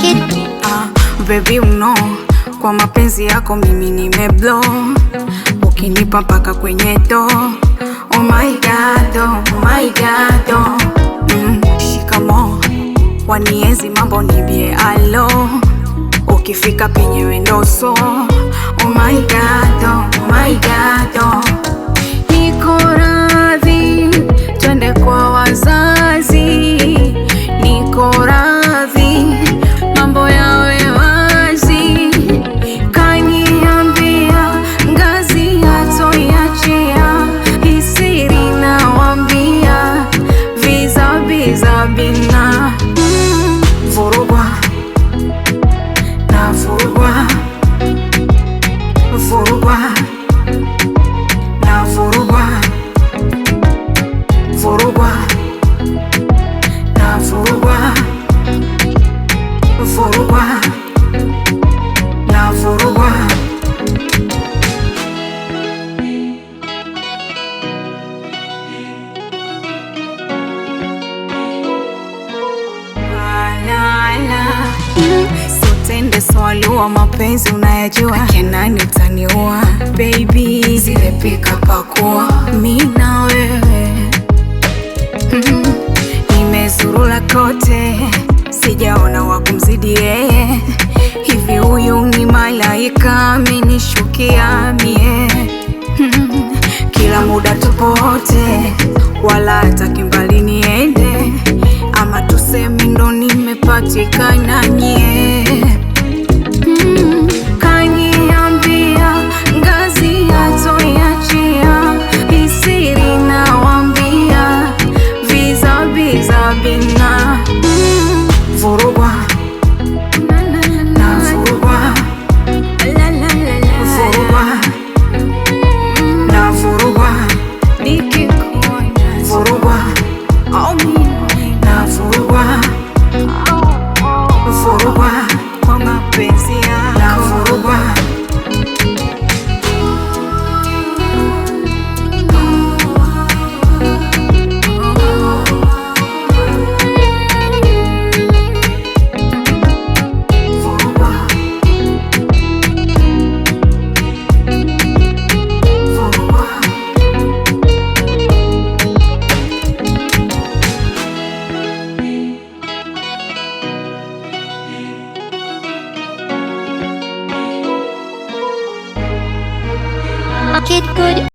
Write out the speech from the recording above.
kid ah, baby uno kwa mapenzi yako mimi meblo ukinipa mpaka kwenye to Oh my god, oh my god, oh. Mm, shikamo wanienzi mambo nibie alo ukifika penye wendoso. Oh my god, oh my god, oh. one. ukiniua mapenzi unayajua, akena nitaniua baby, zile pika pakua mi na wewe mm-hmm. Nimezurula kote sijaona wakumzidi yeye, hivi huyu ni malaika amenishukia mie mm-hmm. Kila muda tupote, wala hata kimbali niende, ama tuseme ndo nimepatikana nye nothing Kid Good.